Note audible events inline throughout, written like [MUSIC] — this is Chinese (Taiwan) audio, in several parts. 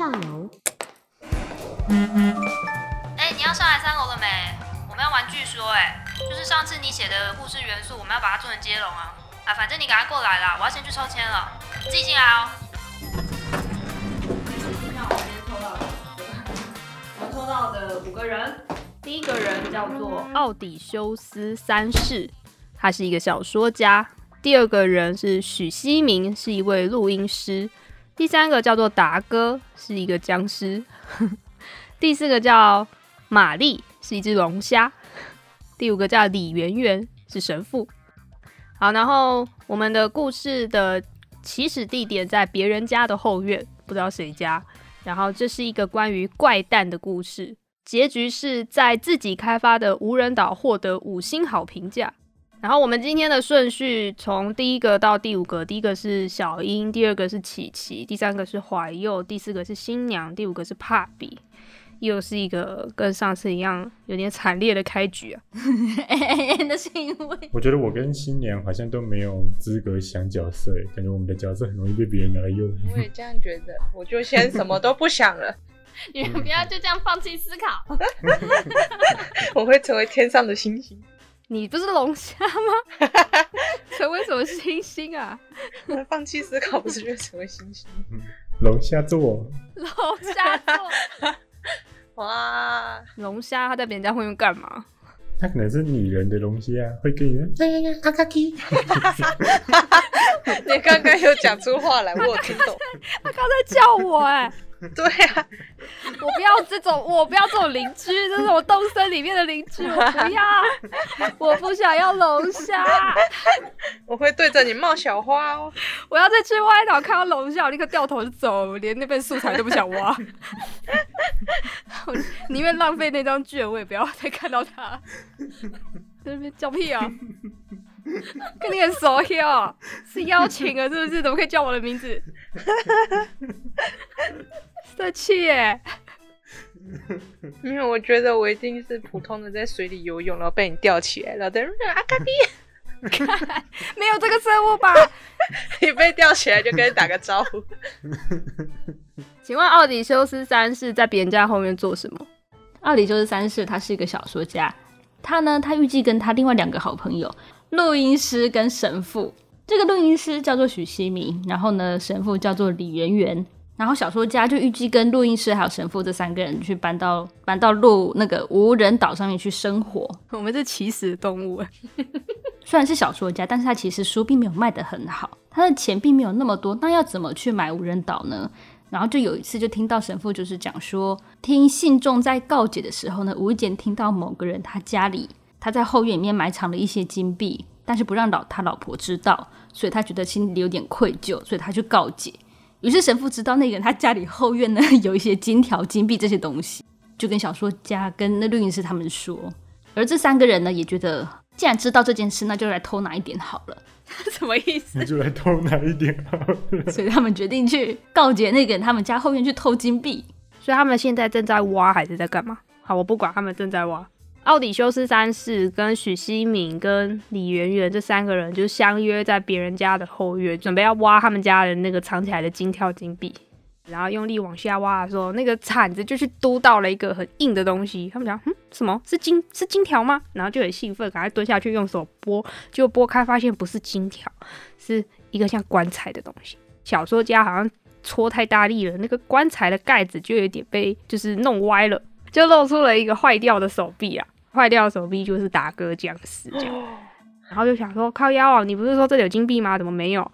上樓。哎、欸，你要上來三樓了沒？我們要玩劇說、欸，哎，就是上次你寫的故事元素，我們要把它做成接龍啊！啊，反正你趕快過來啦，我要先去抽籤了，自己進來哦。我們抽到的五個人，第一個人叫做奧底休斯三世，他是一個小說家；第二個人是許曦明，是一位錄音師。第三個叫做達哥，是一個殭屍； [LAUGHS] 第四個叫瑪麗，是一隻龍蝦； [LAUGHS] 第五個叫李圓圓，是神父。好，然後我們的故事的起始地點在別人家的後院，不知道誰家。然後這是一個關於怪誕的故事，結局是在自己開發的無人島獲得五星好評價。然後我們今天的順序從第一個到第五個，第一個是小英，第二個是琪琪，第三個是懷幼，第四個是新娘，第五個是帕比。又是一個跟上次一樣有點慘烈的開局啊！那是因為我覺得我跟新娘好像都沒有資格想角色，感覺我們的角色很容易被別人拿來用。 [LAUGHS] 我也這樣覺得，我就先什麼都不想了。 [LAUGHS] 你們不要就這樣放棄思考， [LAUGHS] [LAUGHS] [LAUGHS] 我會成為天上的星星。你不是龍蝦嗎？成為什麼星星啊？他 [LAUGHS] 放棄思考，不是要成為星星？龍蝦、嗯、座，龍蝦座， [LAUGHS] 哇！龍蝦，他在別人家後面幹嘛？他可能是女人的龍蝦啊，會跟你。 [LAUGHS] 你剛剛又講出話來，我有聽懂。 [LAUGHS] 他剛才，才叫我哎、欸。對啊，我不要這種，我不要這種鄰居， [LAUGHS] 這種動森裡面的鄰居，我不要，哇我不想要龍蝦。我會對着你冒小花哦。我要再去歪一島，看到龍蝦，我立刻掉頭就走，我連那邊素材都不想挖。我寧願浪費那張券，我也不要再看到他在那邊叫屁啊、喔！跟你很熟哦、喔、是邀請啊，是不是？怎麼可以叫我的名字？ [LAUGHS] 色氣耶！沒有，我覺得我一定是普通的在水裡游泳，然後被你吊起來。然後在阿卡迪，沒有這個生物吧？ [LAUGHS] 你被吊起來就跟你打個招呼。 [LAUGHS] 請問奧底休斯三世在別人家後面做什麼？奧底休斯三世他是一個小說家，他呢，他預計跟他另外兩個好朋友——錄音師跟神父。這個錄音師叫做許曦明，然後呢，神父叫做李圓圓。然後小說家就預計跟錄音師還有神父這三個人去搬到搬到路那個無人島上面去生活。我們是起死動物， [LAUGHS] 雖然是小說家，但是他其實書並沒有賣得很好，他的錢並沒有那麼多，那要怎麼去買無人島呢？然後就有一次就聽到神父就是講說，聽信眾在告解的時候呢，無意間聽到某個人他家裡他在後院裡面埋藏了一些金幣，但是不讓老他老婆知道，所以他覺得心裡有點愧疚，所以他去告解。於是神父知道那個人他家裡後院呢有一些金條、金幣這些東西，就跟小說家跟那錄音師他們說。而這三個人呢也覺得，既然知道這件事，那就來偷拿一點好了。 [LAUGHS] 什麼意思？那就來偷拿一點好了。所以他們決定去告解那個人，他們家後院去偷金幣。所以他們現在正在挖還是在幹嘛？好，我不管，他們正在挖。奧迪休斯三世跟許曦明跟李圓圓這三個人就相約在別人家的後院，準備要挖他們家的那個藏起來的金條金幣。然後用力往下挖的時候，那個鏟子就去嘟到了一個很硬的東西。他們講，嗯，什麼是金？是金條嗎？然後就很興奮，趕快蹲下去用手撥，就撥開，發現不是金條，是一個像棺材的東西。小說家好像戳太大力了，那個棺材的蓋子就有點被就是弄歪了。就露出了一個壞掉的手臂啊，壞掉的手臂就是達哥僵屍。然後就想說，靠腰啊，你不是說這裡有金幣嗎？怎麼沒有？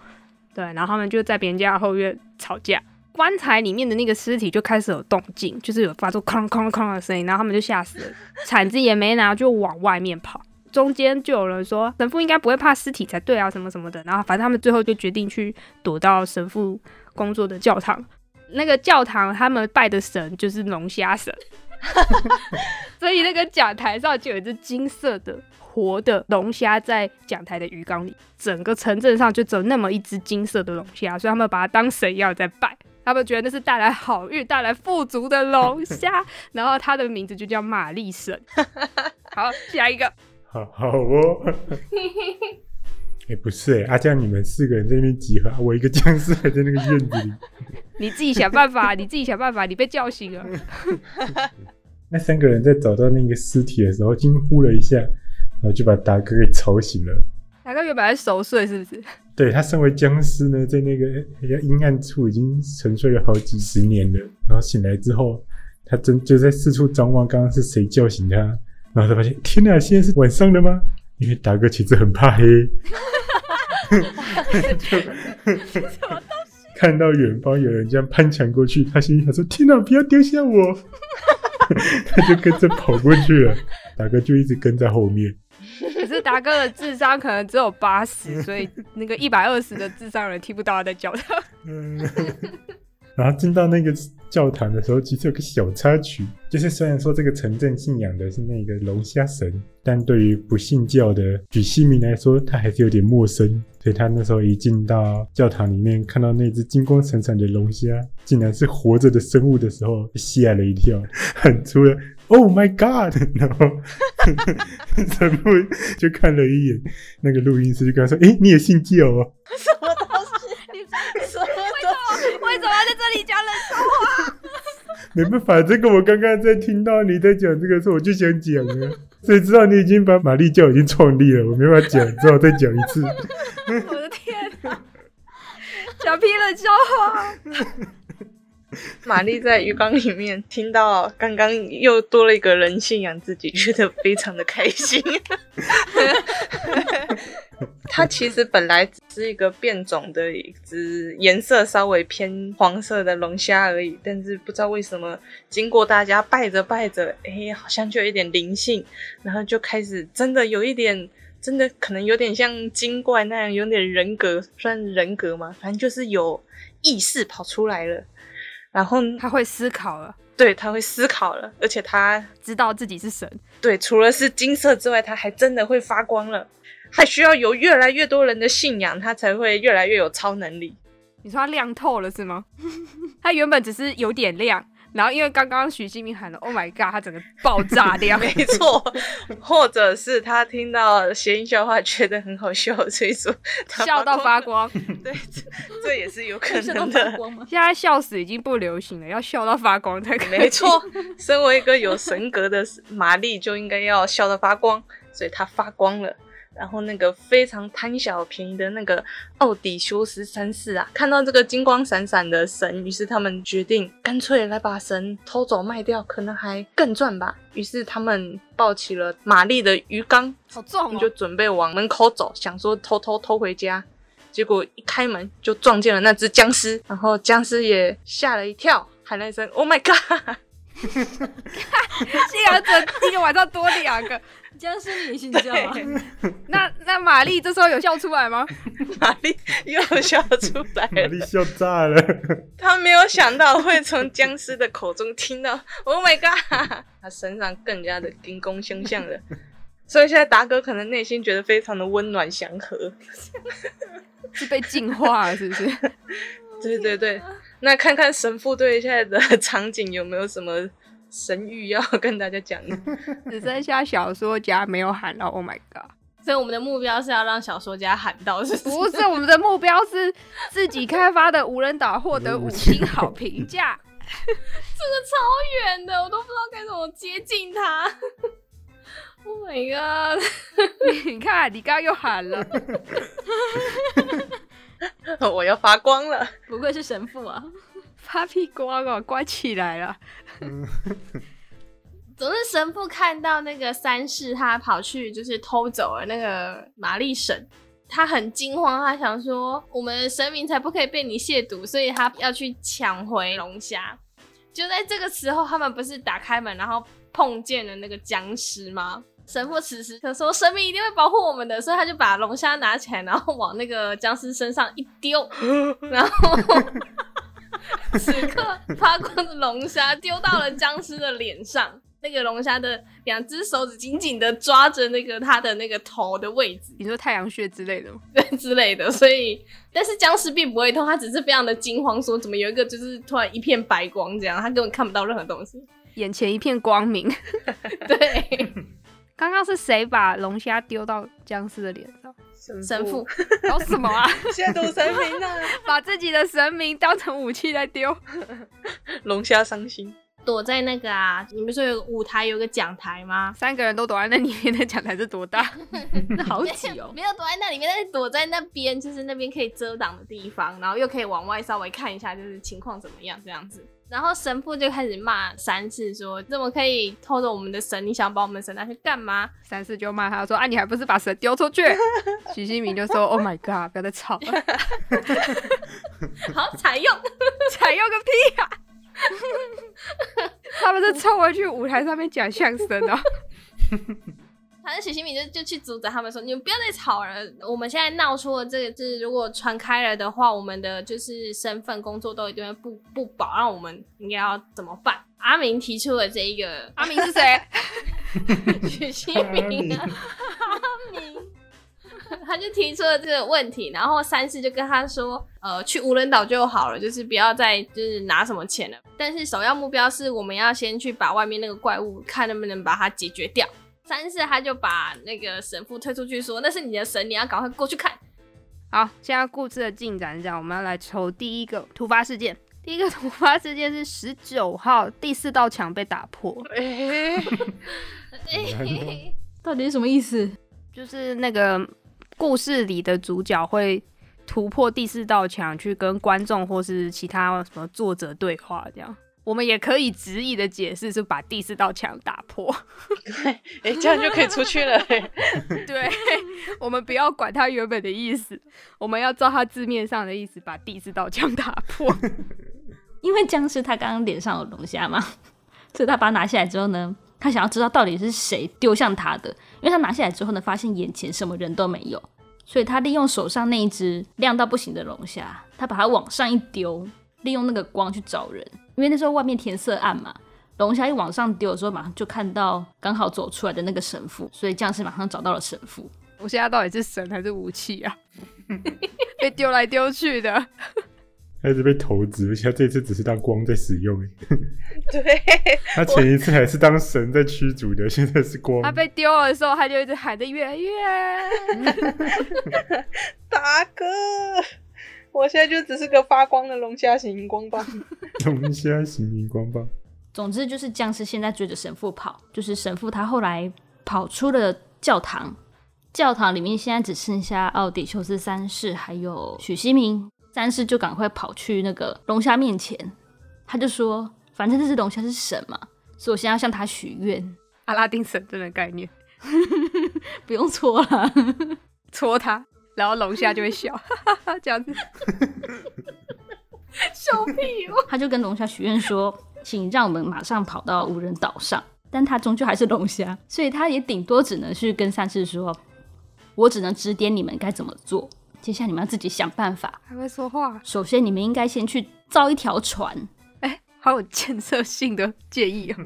對，然後他們就在別人家後院吵架，棺材裡面的那個屍體就開始有動靜，就是有發出哐哐哐的聲音，然後他們就嚇死了，鏟子也沒拿，就往外面跑。中間就有人說，神父應該不會怕屍體才對啊，什麼什麼的。然後反正他們最後就決定去躲到神父工作的教堂，那個教堂他們拜的神就是龍蝦神。 [LAUGHS] 所以那個講台上就有一隻金色的活的龍蝦在講台的魚缸裡，整個城鎮上就只有那麼一隻金色的龍蝦，所以他們把它當神一樣在拜，他們覺得那是帶來好運、帶來富足的龍蝦，然後它的名字就叫瑪麗神。 [LAUGHS] 好，下一個。好好哦。 [LAUGHS] 哎，欸、不是、欸，哎，這樣，你們四個人在那邊集合，啊、我一個殭屍還在那個院子裡 [LAUGHS] 你、啊。你自己想辦法，你自己想辦法，你被叫醒了。 [LAUGHS] 那三個人在找到那個屍體的時候驚呼了一下，然後就把達哥給吵醒了。達哥原本他熟睡，是不是？對，他身為殭屍呢，在那個比較陰暗處已經沉睡了好幾十年了。然後醒來之後，他真就在四處張望，剛剛是誰叫醒他？然後他發現，天哪、啊，現在是晚上的嗎？因為達哥其實很怕黑。 [LAUGHS] 就 [LAUGHS] [LAUGHS] 看到遠方有人這樣攀牆過去，他心裡想說：“天哪，不要丟下我！” [LAUGHS] 他就跟着跑過去了。達 [LAUGHS] [LAUGHS] 哥就一直跟在後面。可是達哥的智商可能只有八十，所以那個一百二十的智商有人聽不到他在叫他。然後進到那個教堂的時候，其實有個小插曲，就是雖然說這個城鎮信仰的是那個龍蝦神，但對於不信教的許曦明來說，他還是有點陌生。所以他那時候一進到教堂裡面，看到那隻金光閃閃的龍蝦，竟然是活着的生物的時候，嚇了一跳，喊出了 “Oh my God”，然後，然後 [LAUGHS] [LAUGHS] 就看了一眼那個錄音師，就跟他說：“誒、欸，你也信教哦。”沒辦法，這個我剛剛在聽到你在講這個時候，我就想講啊。誰知道你已經把瑪麗叫已經創立了，我沒辦法講，只好再講一次。 [LAUGHS] 我的天哪、啊！講了！e t 瑪麗在魚缸裡面聽到剛剛又多了一個人信仰自己，覺得非常的開心。 [LAUGHS] [LAUGHS] 它 [LAUGHS] 其實本來只是一個變種的一只顏色稍微偏黃色的龍蝦而已，但是不知道為什麼，經過大家拜着拜着，哎，好像就有一點靈性，然後就開始真的有一點，真的可能有點像精怪那樣，有點人格，算人格嘛，反正就是有意識跑出來了。然後它會思考了，對，它會思考了，而且它知道自己是神。對，除了是金色之外，它還真的會發光了。還需要有越來越多人的信仰，他才會越來越有超能力。你說他亮透了是嗎？ [LAUGHS] 他原本只是有點亮，然後因為剛剛許曦明喊了 “Oh my God”，他整個爆炸掉了。 [LAUGHS] 沒錯，或者是他聽到諧音笑話覺得很好笑，所以說他笑到發光。 [LAUGHS] 對，這這也是有可能的。 [LAUGHS] 現在笑死已經不流行了，要笑到發光才可以。沒錯，身為一個有神格的瑪麗，就應該要笑到發光，所以他發光了。然後那個非常貪小便宜的那個奧底休斯三世啊，看到這個金光閃閃的神，於是他們決定乾脆來把神偷走賣掉，可能還更賺吧。於是他們抱起了瑪麗的魚缸，好重、哦，就準備往門口走，想說偷，偷偷偷回家。結果一開門就撞見了那只僵屍，然後僵屍也嚇了一跳，喊了一聲：“Oh my god！” 信仰者一個晚上多兩個。殭屍也知道嗎？對 [LAUGHS] 那那瑪麗這時候有笑出來嗎？瑪麗又笑出來了，瑪麗笑炸了。她沒有想到會從殭屍的口中聽到 [LAUGHS] “Oh my God”，她身上更加的兵弓相向了。 [LAUGHS] 所以現在達哥可能內心覺得非常的溫暖祥和，是被淨化了，是不是？對對對，那看看神父對現在的場景有沒有什麼？神諭要跟大家講，只剩下小說家沒有喊到。Oh my god！所以我們的目標是要讓小說家喊到是不是？ [LAUGHS] 不是，我們的目標是自己開發的無人島獲得五星好評價。 [LAUGHS] 這個超遠的，我都不知道該怎麼接近他。Oh my god！ [LAUGHS] 你看，你剛剛又喊了。 [LAUGHS] 我又發光了！不愧是神父啊！趴屁刮啊，乖起來了。 [LAUGHS] 總是神父看到那個三世，他跑去就是偷走了那個瑪麗神，他很驚慌，他想說：“我們神明才不可以被你褻瀆。”所以，他要去搶回龍蝦。就在這個時候，他們不是打開門，然後碰見了那個殭屍嗎？神父此時他說：“神明一定會保護我們的。”所以，他就把龍蝦拿起來，然後往那個殭屍身上一丟， [LAUGHS] 然後。 [LAUGHS] 此刻發光的龍蝦丟到了殭屍的臉上，那個龍蝦的兩隻手指緊緊的抓着那個他的那個頭的位置，比如說太陽穴之類的嗎？對，之類的。所以，但是殭屍並不會痛，他只是非常的驚慌，說怎麼有一個就是突然一片白光這樣，他根本看不到任何東西，眼前一片光明， [LAUGHS] 對。 [LAUGHS] 剛剛是誰把龍蝦丟到殭屍的臉上？神父搞父、哦、什麼啊？現在都神明了，把自己的神明當成武器在丟。龍蝦傷心，躲在那個啊？你們說有個舞台，有個講台嗎？三個人都躲在那裡面的講台是多大？ [LAUGHS] 那好擠、哦，哦。沒有躲在那裡面，但是躲在那邊，就是那邊可以遮擋的地方，然後又可以往外稍微看一下，就是情況怎麼樣這樣子。然後神父就開始罵三世，說怎麼可以偷走我們的神，你想把我們的神拿去幹嘛？三世就罵他就說，啊，你還不是把神丟出去？許曦明就說 [LAUGHS] ，Oh my god，不要再吵了。 [LAUGHS] [LAUGHS] 好，採用， [LAUGHS] 採用個屁啊！ [LAUGHS] 他們是湊回去舞台上面講相聲的、哦。 [LAUGHS] 就去阻止他們說，你們不要再吵了。我們現在鬧出了這個就是如果傳開了的話，我們的就是身份、工作都一定會不不保。那、啊、我們應該要怎麼辦？阿明提出了這一個， [LAUGHS] 阿明是誰？許曦明。阿明米，阿米 [LAUGHS] 他就提出了這個問題，然後三世就跟他說，呃，去無人島就好了，就是不要再就是拿什麼錢了。但是首要目標是我們要先去把外面那個怪物看能不能把它解決掉。三世他就把那個神父推出去說：“那是你的神，你要趕快過去看。”好，現在故事的進展是這樣，我們要來抽第一個突發事件。第一個突發事件是十九號第四道牆被打破。哎，到底是什麼意思？就是那個故事裡的主角會突破第四道牆，去跟觀眾或是其他什麼作者對話這樣。我們也可以直譯的解釋，是把第四道牆打破，對、 [LAUGHS] 欸，這樣就可以出去了，欸。 [LAUGHS] 對，我們不要管他原本的意思，我們要照他字面上的意思把第四道牆打破。 [LAUGHS] 因為殭屍他剛剛臉上有龍蝦嘛，所以他把它拿下來之後呢，他想要知道到底是誰丟向他的。因為他拿下來之後呢，發現眼前什麼人都沒有，所以他利用手上那一隻亮到不行的龍蝦，他把它往上一丟，利用那個光去找人。因為那時候外面天色暗嘛，龍蝦一往上丟的時候，馬上就看到剛好走出來的那個神父，所以殭屍馬上找到了神父。我現在到底是神還是武器啊？ [LAUGHS] 被丟來丟去的，他一直被投擲而且他這次只是當光在使用。 [LAUGHS] 對，他前一次還是當神在驅逐的，我現在是光。他被丟了的時候，他就一直喊得越來越……大 [LAUGHS] [LAUGHS] 哥。我現在就只是個發光的龍蝦型熒光棒龍蝦型熒光棒。總之就是僵屍現在追着神父跑，就是神父他後來跑出了教堂，教堂裡面現在只剩下奧底休斯三世還有許曦明，三世就趕快跑去那個龍蝦面前，他就說，反正這隻龍蝦是神嘛，所以我先要向他許願，阿拉丁神燈的概念， [LAUGHS] 不用搓戳了，搓 [LAUGHS] 他。然後龍蝦就會笑，哈哈哈，這樣子，笑屁哦！他就跟龍蝦許願說：“請讓我們馬上跑到無人島上。”但他終究還是龍蝦，所以他也頂多只能去跟三世說：“我只能指點你們該怎麼做，接下來你們要自己想辦法。”還會說話。首先，你們應該先去造一條船。哎，好有建設性的建議啊！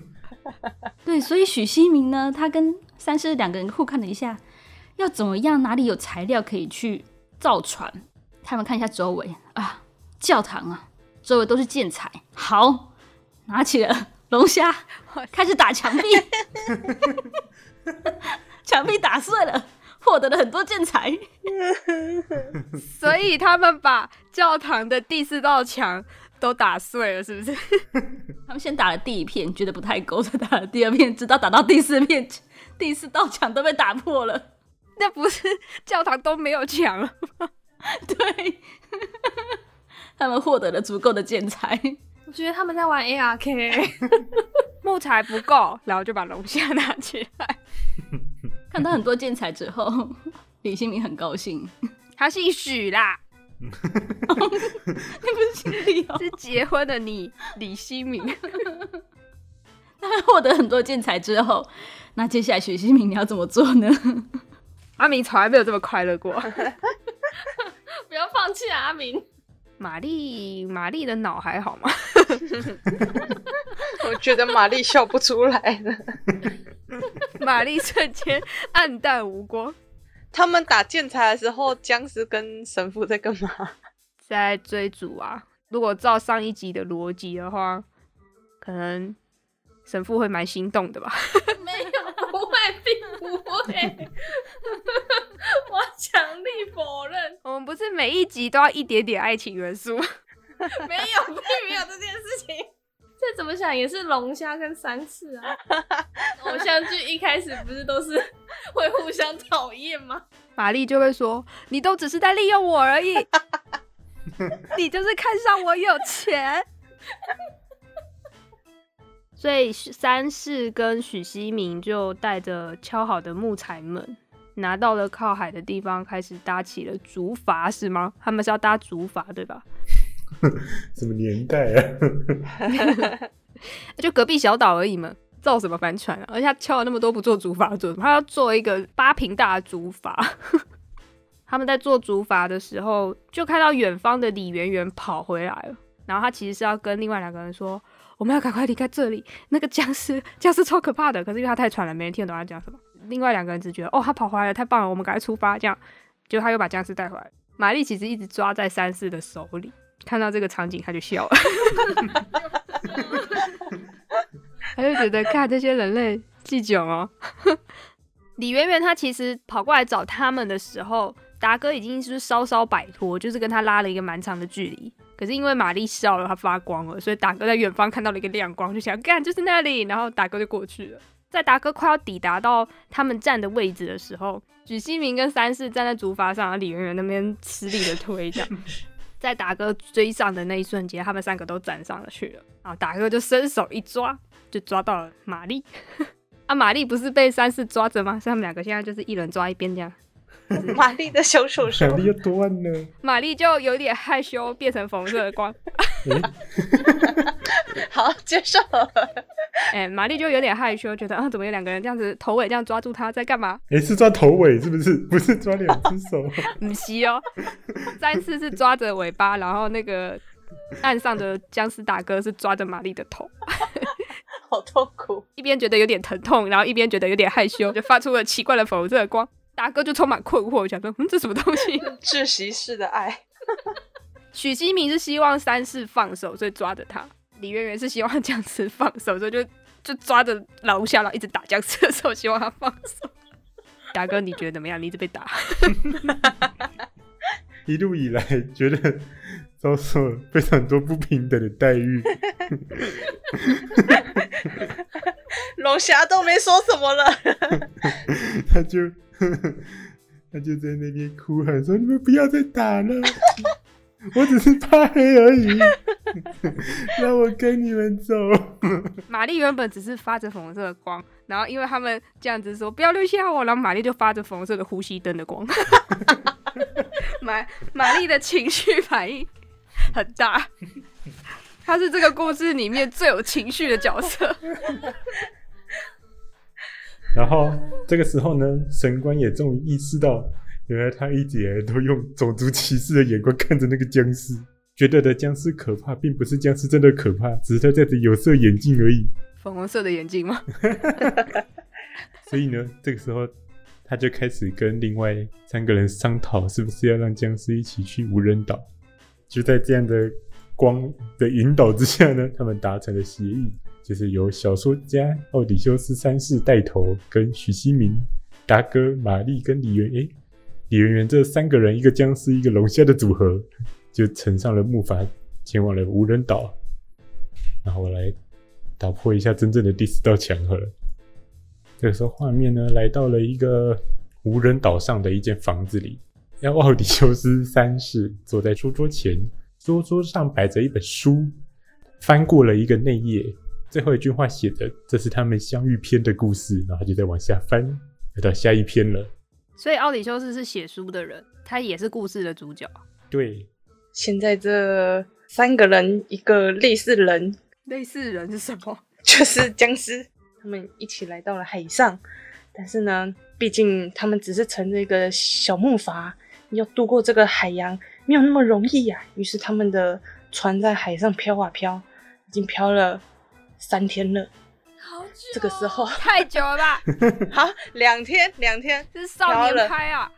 [LAUGHS] 對，所以許曦明呢，他跟三世兩個人互看了一下。要怎麼樣？哪裡有材料可以去造船？他們看一下周圍啊，教堂啊，周圍都是建材。好，拿起了龍蝦，開始打牆壁。牆 [LAUGHS] 壁打碎了，獲得了很多建材。所以他們把教堂的第四道牆都打碎了，是不是？他們先打了第一片，覺得不太夠，所以打了第二片，直到打到第四片，第四道牆都被打破了。那不是教堂都沒有牆嗎？對， [LAUGHS] 他們獲得了足夠的建材。我覺得他們在玩 ARK， [LAUGHS] 木材不夠，然後就把龍蝦拿起來。 [LAUGHS] 看到很多建材之後，李曦明很高興。他姓許啦，那不是姓李哦？是結婚的你，李曦明。 [LAUGHS] 他們獲得很多建材之後，那接下來許曦明你要怎麼做呢？阿明從來沒有這麼快樂過， [LAUGHS] 不要放棄啊！阿明，瑪麗，瑪麗的腦還好嗎？ [LAUGHS] 我覺得瑪麗笑不出來了，瑪 [LAUGHS] 麗瞬間黯淡無光。他們打建材的時候，殭屍跟神父在幹嘛？在追逐啊！如果照上一集的邏輯的話，可能神父會蠻心動的吧。並不會， [LAUGHS] 我強力否認。我們不是每一集都要一點點愛情元素？ [LAUGHS] 沒有，並沒有這件事情。再 [LAUGHS] 怎麼想也是龍蝦跟三世啊。 [LAUGHS] 偶像劇一開始不是都是會互相討厭嗎？瑪麗就會說：“你都只是在利用我而已， [LAUGHS] 你就是看上我有錢。 [LAUGHS] ”所以三世跟許曦明就帶着敲好的木材們，拿到了靠海的地方，開始搭起了竹筏，是嗎？他們是要搭竹筏，對吧？什麼年代啊？ [LAUGHS] [LAUGHS] 就隔壁小島而已嘛，造什麼帆船啊？而且他敲了那麼多，不做竹筏做什麼？他要做一個八坪大的竹筏。 [LAUGHS] 他們在做竹筏的時候，就看到遠方的李圓圓跑回來了。然後他其實是要跟另外兩個人說。我們要趕快離開這裡。那個殭屍，殭屍超可怕的。可是因為他太喘了，沒人聽得懂他講什麼。另外兩個人只覺得，哦，他跑回來了，太棒了，我們趕快出發。這樣，結果他又把殭屍帶回來。瑪麗其實一直抓在三世的手裡，看到這個場景，他就笑了， [LAUGHS] 他就覺得看這些人類囧哦。久 [LAUGHS] 李圓圓他其實跑過來找他們的時候，達哥已經是稍稍擺脫，就是跟他拉了一個蠻長的距離。可是因為瑪麗笑了，她發光了，所以達哥在遠方看到了一個亮光，就想幹，就是那裡，然後達哥就過去了。在達哥快要抵達到他們站的位置的時候，許曦明跟三世站在竹筏上，李圓圓那邊吃力的推着。在達哥追上的那一瞬間，他們三個都站上了去了，然後達哥就伸手一抓，就抓到了瑪麗。 [LAUGHS] 啊，瑪麗不是被三世抓着嗎？所以他們兩個現在就是一人抓一邊這樣。瑪麗的小手手又斷了，瑪麗就有點害羞，變成粉紅色的光。欸、 [LAUGHS] 好，接受了。哎、欸，瑪麗就有點害羞，覺得啊、哦，怎麼有兩個人這樣子頭尾這樣抓住他在幹嘛？哎、欸，是抓頭尾是不是？不是抓兩隻手。唔係 [LAUGHS] 哦，三 [LAUGHS] 次是抓着尾巴，然後那個岸上的僵屍大哥是抓着瑪麗的頭。 [LAUGHS] 好痛苦，一邊覺得有點疼痛，然後一邊覺得有點害羞，就發出了奇怪的粉紅色的光。達哥就充滿困惑，想說：“嗯，這是什麼東西？”窒息 [LAUGHS] 式的愛。許曦明是希望三世放手，所以抓着他；李圓圓是希望殭屍放手，所以就就抓着老夏老一直打殭屍的時候，希望他放手。達 [LAUGHS] 哥，你覺得怎麼樣？你一直被打， [LAUGHS] [LAUGHS] 一路以來覺得。遭受了非常多不平等的待遇，龍 [LAUGHS] 蝦都沒說什麼了， [LAUGHS] 他就他就在那邊哭喊說：“ [LAUGHS] 你們不要再打了， [LAUGHS] 我只是怕黑而已。 [LAUGHS] ”讓我跟你們走。瑪 [LAUGHS] 麗原本只是發着粉紅色的光，然後因為他們這樣子說不要留下我，然後瑪麗就發着粉紅色的呼吸燈的光。瑪瑪麗的情緒反應。很大，他是這個故事裡面最有情緒的角色。 [LAUGHS] 然後這個時候呢，神官也終於意識到，原來他一直以來都用種族歧視的眼光看着那個僵屍，覺得的僵屍可怕，並不是僵屍真的可怕，只是他戴着有色眼鏡而已。粉紅色的眼鏡嗎？ [LAUGHS] [LAUGHS] 所以呢，這個時候他就開始跟另外三個人商討，是不是要讓僵屍一起去無人島。就在這樣的光的引導之下呢，他們達成了協議，就是由小說家奧底休斯三世帶頭跟希，跟許曦明、達哥、瑪麗跟李圓誒、欸，李圓圓這三個人，一個殭屍，一個龍蝦的組合，就乘上了木筏，前往了無人島。然後我來打破一下真正的第四道牆了。這個時候畫面呢，來到了一個無人島上的一間房子裡。要奧底休斯三世坐在書桌，桌前，書桌，桌上擺着一本書，翻過了一個內頁，最後一句話寫的，這是他們相遇篇的故事，然後就在往下翻，來到下一篇了。所以奧底休斯是寫書的人，他也是故事的主角。對，現在這三個人一個類似人，類似人是什麼？就是僵屍。 [LAUGHS] 他們一起來到了海上，但是呢，畢竟他們只是乘着一個小木筏。要渡過這個海洋沒有那麼容易呀、啊！於是他們的船在海上飄啊飄，已經飄了三天了。好久，這個時候太久了吧？ [LAUGHS] 好，兩天兩天。兩天這是少年派啊！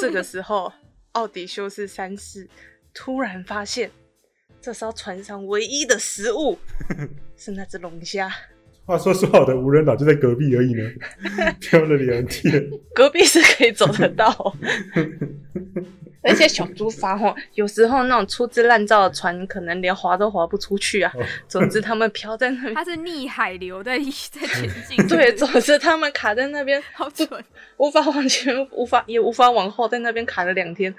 這個時候，奧底休斯三世突然發現，這艘船上唯一的食物是那只龍蝦。話說，說好的無人島就在隔壁而已呢，漂了兩天。 [LAUGHS] 隔壁是可以走得到， [LAUGHS] 而且小豬發謊。有時候那種粗製濫造的船，可能連划都划不出去啊。哦、 [LAUGHS] 總之他們漂在那邊，它是逆海流的，在前進。 [LAUGHS] 對，總之他們卡在那邊， [LAUGHS] 好準醜無法往前，無法也無法往後，在那邊卡了兩天。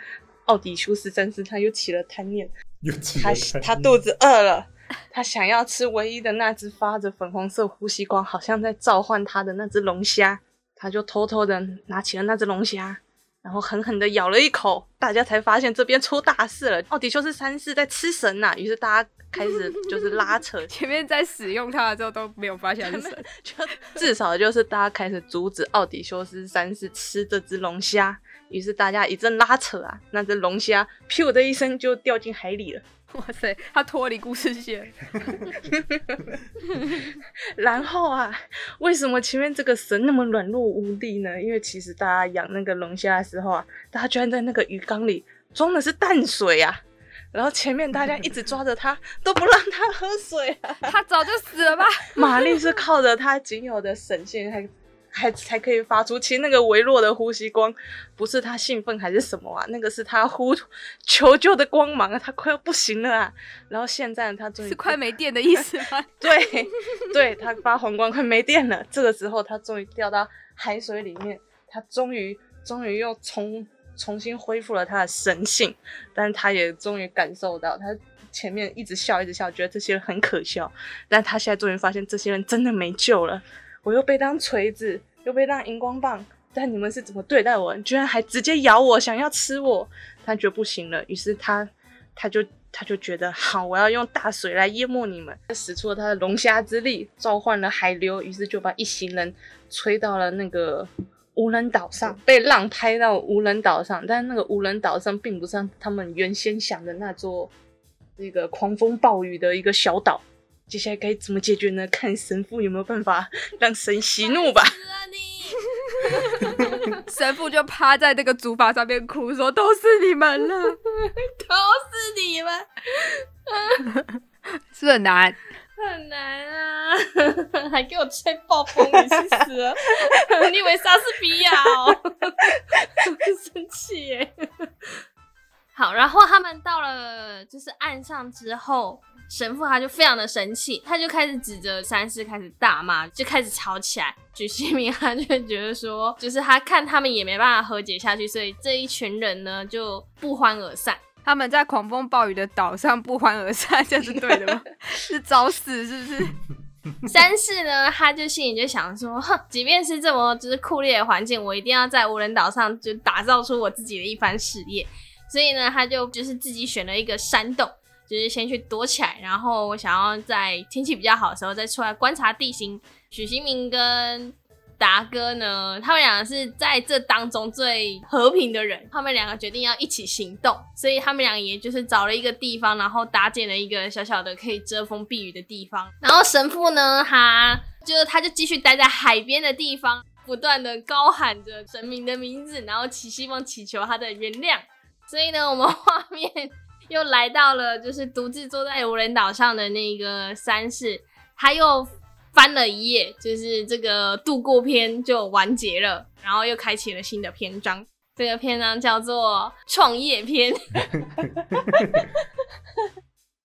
奧底休斯三世他又起了貪念，又起了貪念，他，他肚子餓了。他想要吃唯一的那隻發着粉紅色呼吸光，好像在召喚他的那隻龍蝦，他就偷偷的拿起了那隻龍蝦，然後狠狠的咬了一口，大家才發現這邊出大事了，奧底休斯三世在吃神吶、啊，於是大家開始就是拉扯， [LAUGHS] 前面在使用它的時候都沒有發現是神，就至少就是大家開始阻止奧底休斯三世吃這隻龍蝦，於是大家一陣拉扯啊，那隻龍蝦，咻的一聲就掉進海裡了。哇塞，他脫離故事線。 [LAUGHS] [LAUGHS] 然後啊，為什麼前面這個神那麼軟弱無力呢？因為其實大家養那個龍蝦的時候啊，大家居然在那個魚缸裡裝的是淡水啊，然後前面大家一直抓着他， [LAUGHS] 都不讓他喝水啊，他早就死了吧。瑪 [LAUGHS] 麗是靠着他僅有的神性還。還才可以發出，其實那個微弱的呼吸光，不是他興奮還是什麼啊？那個是他呼求救的光芒，啊，他快要不行了啊！然後現在他終於是快沒電的意思嗎？ [LAUGHS] 對，對他發紅光快沒電了。這個時候他終於掉到海水裡面，他終於終於又重重新恢復了他的神性，但他也終於感受到，他前面一直笑一直笑，覺得這些人很可笑，但他現在終於發現，這些人真的沒救了。我又被當錘子，又被當熒光棒，但你們是怎麼對待我？居然還直接咬我，想要吃我！他覺得不行了，於是他，他就，他就覺得好，我要用大水來淹沒你們，使出了他的龍蝦之力，召喚了海流，於是就把一行人吹到了那個無人島上，被浪拍到無人島上。但那個無人島上並不是他們原先想的那座那個狂風暴雨的一個小島。接下來該怎麼解決呢？看神父有沒有辦法讓神息怒吧。啊、 [LAUGHS] [LAUGHS] 神父就趴在那個竹筏上面哭說：“都是你們了， [LAUGHS] 都是你們。 [LAUGHS] ” [LAUGHS] 是很難，很難啊！ [LAUGHS] 還給我吹爆風，你去死 [LAUGHS] 你以為莎士比亞，哦？ [LAUGHS] 生氣氣耶，欸！ [LAUGHS] 好，然後他們到了，就是岸上之後。神父他就非常的生氣，他就開始指着三世開始大罵，就開始吵起來。許曦明他就覺得說，就是他看他們也沒辦法和解下去，所以這一群人呢就不歡而散。他們在狂風暴雨的島上不歡而散，這、就是對的嗎？ [LAUGHS] 是找死是不是？ [LAUGHS] 三世呢，他就心裡就想說，哼，即便是這麼就是酷烈的環境，我一定要在無人島上就打造出我自己的一番事業。所以呢，他就就是自己選了一個山洞。就是先去躲起來，然後我想要在天氣比較好的時候再出來觀察地形。許曦明跟達哥呢，他們兩個是在這當中最和平的人，他們兩個決定要一起行動，所以他們兩個也就是找了一個地方，然後搭建了一個小小的可以遮風避雨的地方。然後神父呢，他就是他就繼續待在海邊的地方，不斷的高喊着神明的名字，然後祈希望祈求他的原諒。所以呢，我們畫面。又來到了，就是獨自坐在無人島上的那個三世，他又翻了一頁，就是這個度過篇就完結了，然後又開啟了新的篇章。這個篇章叫做創業篇。 [LAUGHS]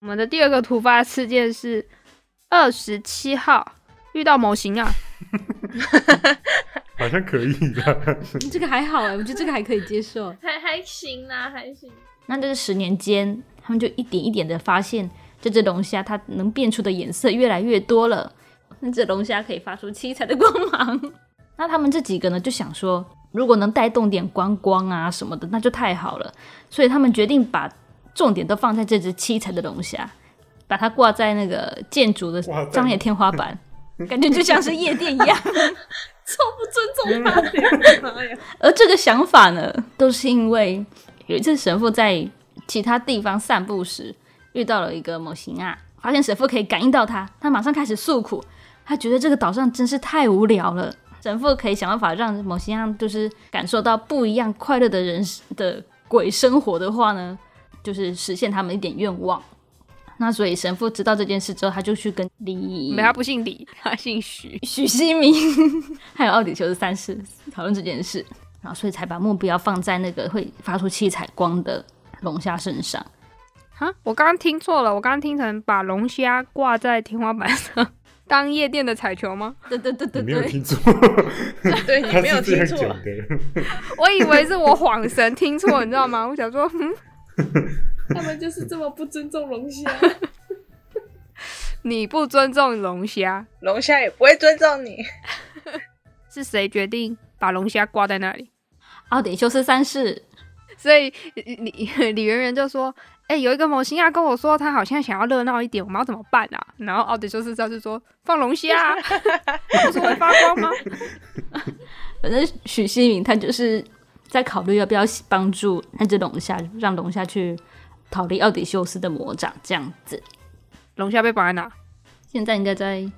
我們的第二個突發事件是二十七號遇到模型啊， [LAUGHS] [LAUGHS] 好像可以、嗯，這個還好哎、欸，我覺得這個還可以接受，還還行啊，還行。那這十年間，他們就一點一點的發現，這隻龍蝦它能變出的顏色越來越多了。那隻龍蝦可以發出七彩的光芒。 [LAUGHS] 那他們這幾個呢，就想說，如果能帶動點觀光，光啊什麼的，那就太好了。所以他們決定把重點都放在這隻七彩的龍蝦，把它掛在那個建築的商業天花板，哇塞。感覺就像是夜店一樣， [LAUGHS] 超不尊重他的發。 [LAUGHS] [LAUGHS] 而這個想法呢，都是因為有一次，神父在其他地方散步時遇到了一個某型啊，發現神父可以感應到他，他馬上開始訴苦，他覺得這個島上真是太無聊了。神父可以想辦法讓某型啊，就是感受到不一樣快樂的人的鬼生活的話呢，就是實現他們一點願望。那所以神父知道這件事之後，他就去跟李，沒他不姓李，他姓許，許曦明， [LAUGHS] 還有奧底休斯三世討論這件事。然後，所以才把目標放在那個會發出七彩光的龍蝦身上。哈，我剛剛聽錯了，我剛剛聽成把龍蝦掛在天花板上當夜店的彩球嗎？對對對對對，你沒有聽錯。 [LAUGHS] [LAUGHS] 對，你沒有聽錯。 [LAUGHS] [LAUGHS] 我以為是我恍神聽錯，你知道嗎？我想說，嗯，他們就是這麼不尊重龍蝦。 [LAUGHS] 你不尊重龍蝦，龍蝦也不會尊重你。 [LAUGHS] 是誰決定？把龍蝦掛在那裡，奧底休斯三世。所以李李圓圓就說：“哎、欸，有一個魔星要、啊、跟我說，他好像想要熱鬧一點，我們要怎麼辦啊？”然後奧底休斯三世說：“放龍蝦，啊，不是會發光嗎？”反正許曦明他就是在考慮要不要幫助那只龍蝦，讓龍蝦去逃離奧底休斯的魔掌。這樣子，龍蝦被綁在哪？現在應該在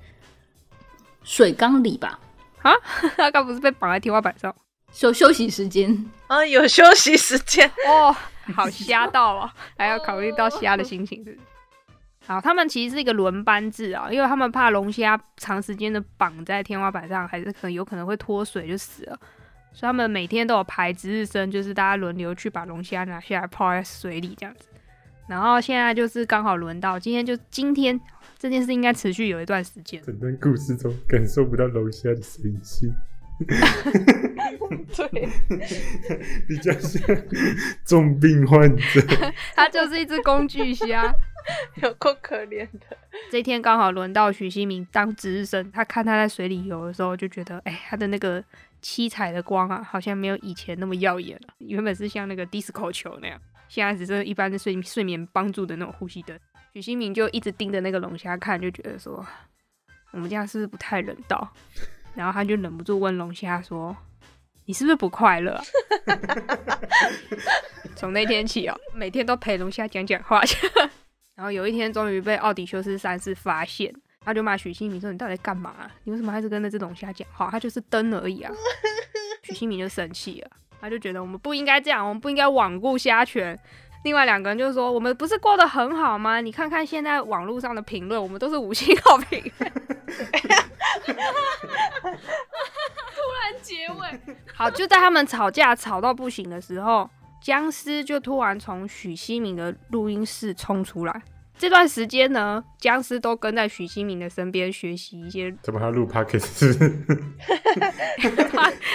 水缸裡吧。啊，他剛不是被綁在天花板上？有休息時間啊，有休息時間哦，好瞎到哦，什麼？還要考慮到蝦的心情是不是？對好，他們其實是一個輪班制啊、哦，因為他們怕龍蝦長時間的綁在天花板上，還是可能有可能會脫水就死了，所以他們每天都有排值日生，就是大家輪流去把龍蝦拿下來泡在水裡這樣子。然後現在就是剛好輪到今天，就今天，就今天這件事應該持續有一段時間。整段故事中感受不到龍蝦的神氣。對，比較像重病患者。 [LAUGHS] 他就是一隻工具蝦， [LAUGHS] 有夠可憐的。這天剛好輪到許曦明當值日生，他看他在水裡游的時候，就覺得哎、欸，他的那個。七彩的光啊，好像沒有以前那麼耀眼了啊。原本是像那個 disco 球那樣，現在只是一般的睡睡眠幫助的那種呼吸燈。許曦明就一直盯着那個龍蝦看，就覺得說我們家是不是不太人道？然後他就忍不住問龍蝦說：“你是不是不快樂啊？”從 [LAUGHS] 那天起哦、喔，每天都陪龍蝦講講話。然後有一天，終於被奧底休斯三世發現。他就罵許曦明說：“你到底在幹嘛啊？你為什麼還是跟着這種蝦講？好，他就是燈而已啊！”許 [LAUGHS] 新民就生氣了，他就覺得我們不應該這樣，我們不應該罔顧蝦權。另外兩個人就說：“我們不是過得很好嗎？你看看現在網絡上的評論，我們都是五星好評。” [LAUGHS] [LAUGHS] 突然結尾， [LAUGHS] 好，就在他們吵架吵到不行的時候，僵屍就突然從許曦明的錄音室衝出來。這段時間呢，殭屍都跟在許曦明的身邊學習一些，怎麼他錄 podcast？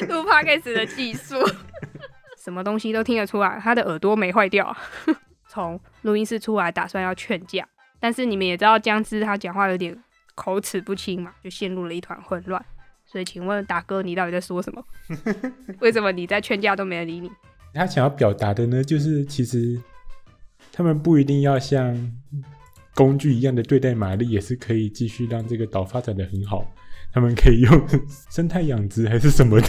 錄 podcast 的技術， [LAUGHS] 什麼東西都聽得出來，他的耳朵沒壞掉啊。 [LAUGHS] 從錄音室出來，打算要勸架，但是你們也知道，僵屍他講話有點口齒不清嘛，就陷入了一團混亂。所以，請問達哥，你到底在說什麼？ [LAUGHS] 為什麼你在勸架都沒人理你？他想要表達的呢，就是其實。他們不一定要像工具一樣的對待馬力，瑪麗也是可以繼續讓這個島發展得很好。他們可以用生態養殖還是什麼的？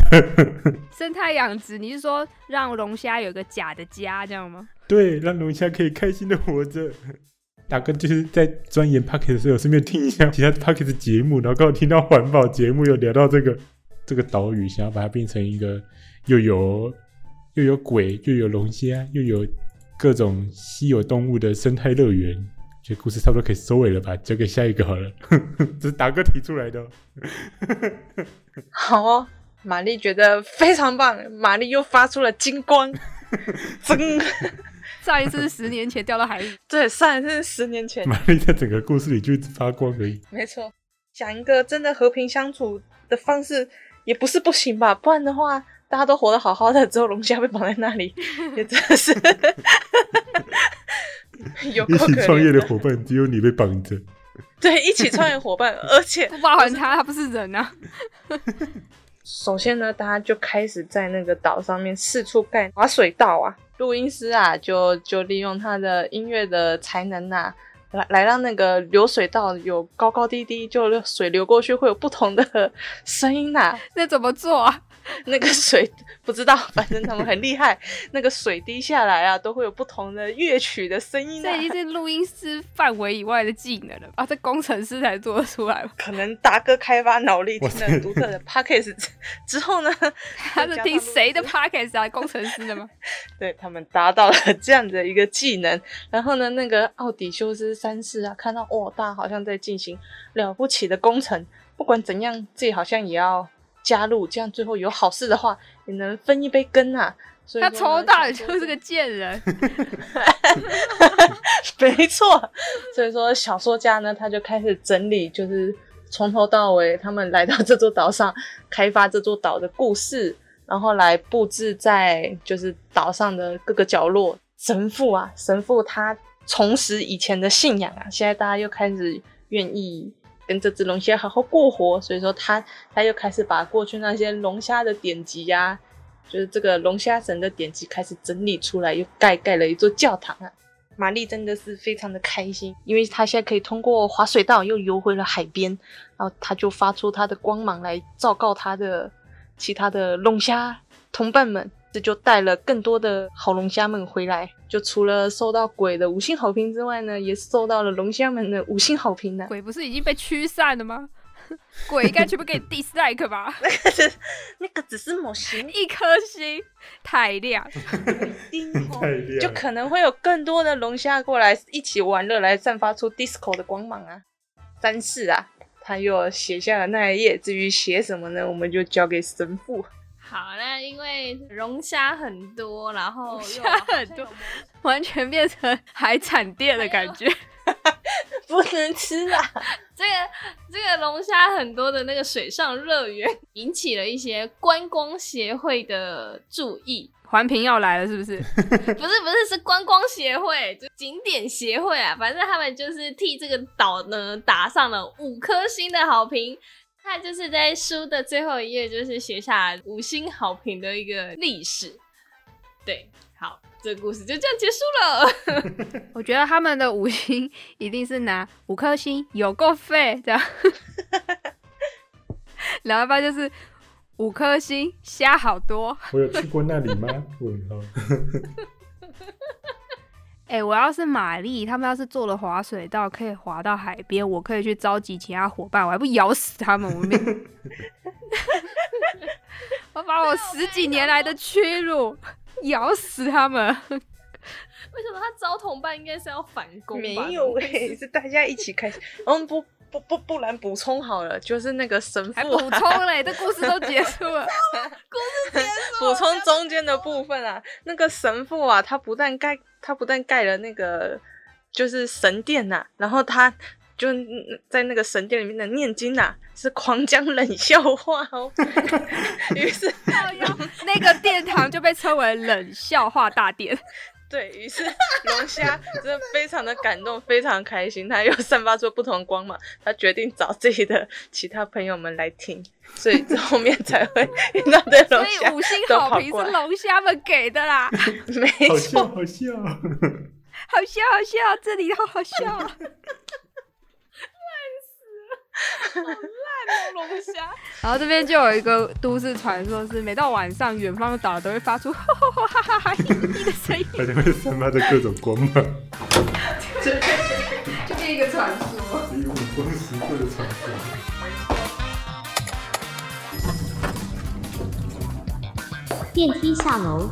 生態養殖，你是說讓龍蝦有個假的家這樣嗎？對，讓龍蝦可以開心的活着。達哥就是在鑽研 Podcast 的時候，順便聽一下其他 Podcast 的節目，然後剛好聽到環保節目，有聊到這個這個島嶼，想要把它變成一個又有又有鬼又有龍蝦又有。各種稀有動物的生態樂園，這故事差不多可以收尾了吧？交給下一個好了，呵呵這是達哥提出來的、喔。好、哦，瑪麗覺得非常棒，瑪麗又發出了金光。真， [LAUGHS] [LAUGHS] [LAUGHS] 上一次是十年前掉到海裡， [LAUGHS] 對，上一次是十年前。瑪麗在整個故事裡就一直發光，而已。沒錯，講一個真的和平相處的方式也不是不行吧？不然的話。大家都活得好好的，只有龍蝦被綁在那裡，也真的是有的。一起創業的伙伴，只有你被綁着。對，一起創業伙伴，而且不包含他，他不是人啊！首先呢，大家就開始在那個島上面四處幹，滑水道啊，錄音師啊，就就利用他的音樂的才能啊。來來，來讓那個流水道有高高低低，就水流過去會有不同的聲音吶、啊。那怎麼做啊？那個水不知道，反正他們很厲害。 [LAUGHS] 那個水滴下來啊，都會有不同的樂曲的聲音、啊。這已經是錄音師範圍以外的技能了，啊，這工程師才做得出來。可能達哥開發腦力聽了獨特的 podcast 之後呢，他是聽誰的 podcast 啊？ [LAUGHS] 工程師的嗎？對，他們達到了這樣的一個技能，然後呢，那個奧底休斯。三世啊，看到哦，大家好像在進行了不起的工程。不管怎樣，自己好像也要加入，這樣最後有好事的話，也能分一杯羹啊。所以他從頭到尾就是個賤人，沒錯。所以說，小說家呢，他就開始整理，就是從頭到尾，他們來到這座島上，開發這座島的故事，然後來布置在就是島上的各個角落。神父啊，神父他。重拾以前的信仰啊！現在大家又開始願意跟這隻龍蝦好好過活，所以說他他又開始把過去那些龍蝦的典籍呀、啊，就是這個龍蝦神的典籍開始整理出來，又蓋蓋了一座教堂啊！瑪麗真的是非常的開心，因為她現在可以通過滑水道又游回了海邊，然後她就發出她的光芒來昭告她的其他的龍蝦同伴們。這就帶了更多的好龍蝦們回來，就除了收到鬼的五星好評之外呢，也是收到了龍蝦們的五星好評呢、啊。鬼不是已經被驅散了嗎？鬼應該全部給 dislike 吧 [LAUGHS] 那？那個，只是某型， [LAUGHS] 一顆星，太亮， [LAUGHS] 太亮了，就可能會有更多的龍蝦過來一起玩樂，來散發出 disco 的光芒啊！但是啊，他又寫下了那一頁，至於寫什麼呢，我們就交給神父。好，那因為龍蝦很多，然後又很多，完全變成海產店的感覺，有 [LAUGHS] 不能吃啊。這個，這個這個龍蝦很多的那個水上樂園，引起了一些觀光協會的注意，環評要來了是不是？ [LAUGHS] 不是不是，是觀光協會，就景點協會啊，反正他們就是替這個島呢打上了五顆星的好評。他就是在書的最後一頁，就是寫下五星好評的一個歷史。對，好，這個、故事就這樣結束了。 [LAUGHS] 我覺得他們的五星一定是拿五顆星有夠費，這樣。 [LAUGHS] [LAUGHS] [LAUGHS] 然後就是五顆星蝦好多。 [LAUGHS] 我有去過那裡嗎？我有。 [LAUGHS] 哎、欸，我要是瑪麗，他們要是坐了滑水道，可以滑到海邊，我可以去召集其他夥伴，我還不咬死他們！我， [LAUGHS] [LAUGHS] 我把我十幾年來的屈辱有咬死他們！為什麼他招同伴應該是要反攻？沒有哎、欸，是大家一起開心。們、哦、不不不，不然補充好了，就是那個神父補、啊、充嘞，這故事都結束了，補 [LAUGHS] [LAUGHS] 充中間的部分啊， [LAUGHS] 那個神父啊，他不但該。他不但蓋了那個就是神殿吶、啊，然後他就在那個神殿裡面的念經吶、啊，是狂講冷笑話哦， [LAUGHS] 於是到用那個殿堂就被稱為冷笑話大殿。 [LAUGHS] 對，於是龍蝦真的非常的感動， [LAUGHS] 非常開心，他又散發出不同光芒，他決定找自己的其他朋友們來聽，所以這後面才會遇到的龍蝦，所以五星好評是龍蝦們給的啦， [LAUGHS] 沒錯，好，好笑， [LAUGHS] 好笑，好笑，這裡好好笑。 [LAUGHS] [LAUGHS] 好爛哦，龍蝦。 [LAUGHS] 然後這邊就有一個都市傳說，是每到晚上，遠方的島都會發出哈哈哈哈哈哈的聲音，而且會散發出各種光芒 [LAUGHS] 。就就變一個傳說，五光十色的傳說。電梯下樓。